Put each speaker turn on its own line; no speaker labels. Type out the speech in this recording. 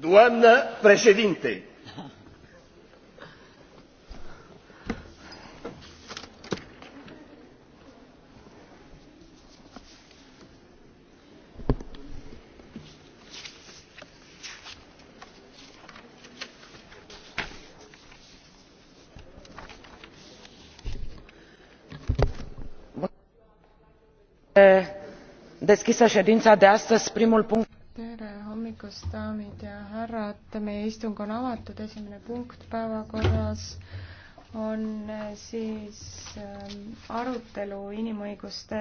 Doamnă
președinte,
deschisă ședința de astăzi primul punct
tere hommikust, daamid ja härrad,
meie istung on avatud, esimene punkt päevakorras on äh, siis ähm, arutelu inimõiguste